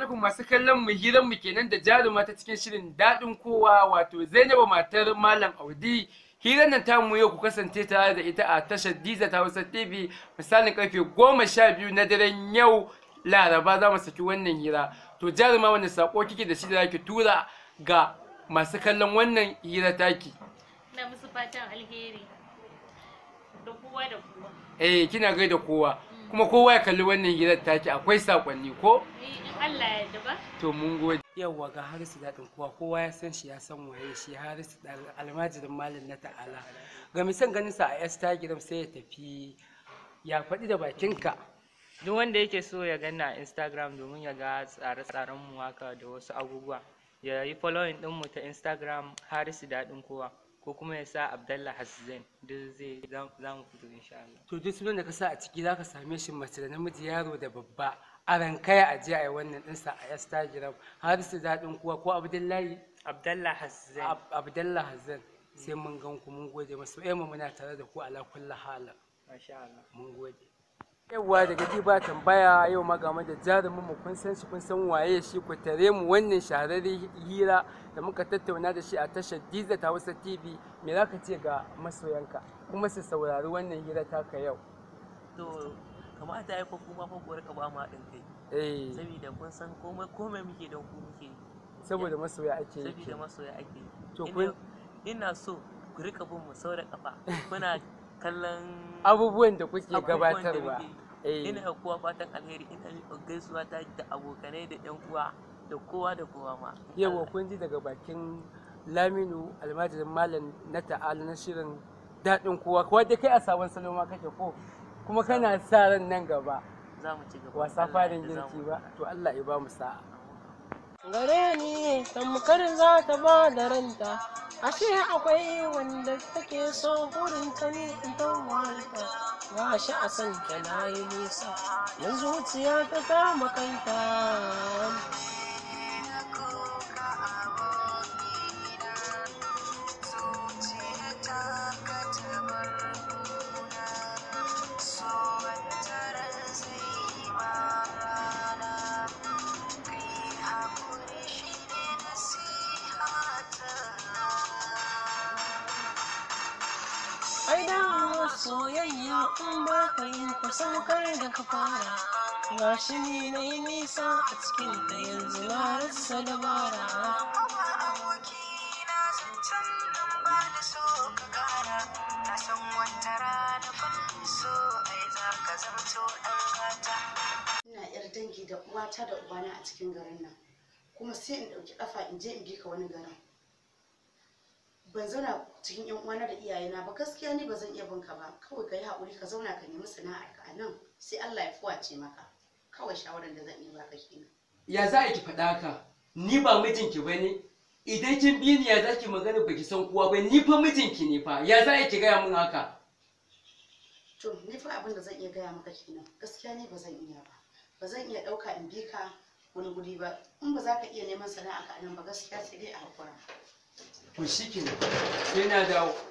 alaikum masu kallon mu hiran mu kenan da jaruma ta cikin shirin daɗin kowa wato Zainabu matar Malam Audi hirar nan ta mu yau ku kasance tare da ita a tashar Diza ta Hausa TV misalin karfe goma sha biyu na daren yau Laraba za mu saki wannan hira to jaruma wanda sako kike da shi da zaki tura ga masu kallon wannan hira taki. Na musu fatan alheri. da eh kina gaida kowa kuma kowa ya kalli wannan gidan taki akwai sakonni ko eh, Allah ya ba to mun gode yawwa ga harisu daɗin kowa kowa ya san shi ya san waye shi harisu da almajirin malin na ta'ala ga misan ganin sa a instagram sai ya tafi ya faɗi da bakinka duk wanda yake so ya gana instagram domin ya ga tsare-tsaren mu haka da wasu abubuwa ya yi following ɗinmu ta instagram harisu daɗin kowa ko kuma ya sa abdallah hassan duk zai za mu fito insha Allah to duk sunan da ka sa a ciki za ka same shi mace da namiji yaro da babba a rankaya a je a yi wannan ɗinsa a instagram har su daɗin kuwa ko abdullahi abdallah hassan abdallah hassan sai mun gan ku mun gode masu eh, mu muna tare da ku ala kulli halin masha Allah mun gode yawwa daga ji ba tambaya yau ma game da jarumin mu kun san shi kun san waye shi ku tare mu wannan shahararren hira da muka tattauna da shi a tashar Diza ta Hausa TV me za ka ce ga masoyanka kuma su saurari wannan hira taka yau to kamata ya fa kuma fa ku ka ba mu haɗin kai eh saboda kun san komai komai muke don ku muke saboda masoya ake saboda masoya ake to ina so ku rika bin mu sau da kafa muna kallon abubuwan da kuke gabatarwa eh. ina kowa fatan alheri ina gaisuwa ta da abokanai da yan uwa da kowa da kowa ma yawa kun ji daga bakin laminu almajirin malam na ta'ala na shirin daɗin kowa kowa da kai a sabon salo ma kake ko kuma kana sa ran nan gaba za mu ci gaba wasa farin girki ba to Allah ya ba mu sa'a gare ni tamkar za ta ba da ranta ashe akwai wanda take so burin ta ne don walta ba shi a san ta na yi nisa yanzu zuciya ta kama kanta soyayya in ba ka yi, ku saukar da ka fara shi ne na yi nisa a cikin ta yanzu ya rasa dabara ina yar dangi da uwata da ubana a cikin garin nan kuma sai in ɗauki ƙafa in je in bi ka wani garin ban zauna cikin yan uwana da iyayena ba gaskiya ni ba zan iya ka ba kawai ka yi haƙuri ka zauna ka nemi sana'ar ka a nan sai Allah ya fuwace maka kawai shawaran da zan iya baka kenan ya za ki faɗa ka ni ba mijinki bane idan kin bi ni ya za ki magana baki san kowa ba ni fa mijinki ne fa ya za ki gaya min haka to ni fa abin da zan iya gaya maka kenan gaskiya ni ba zan iya ba ba zan iya ɗauka in bi ka wani guri ba in ba za ka iya neman sana'a ka nan ba gaskiya sai dai a hakura to shi sai na dawo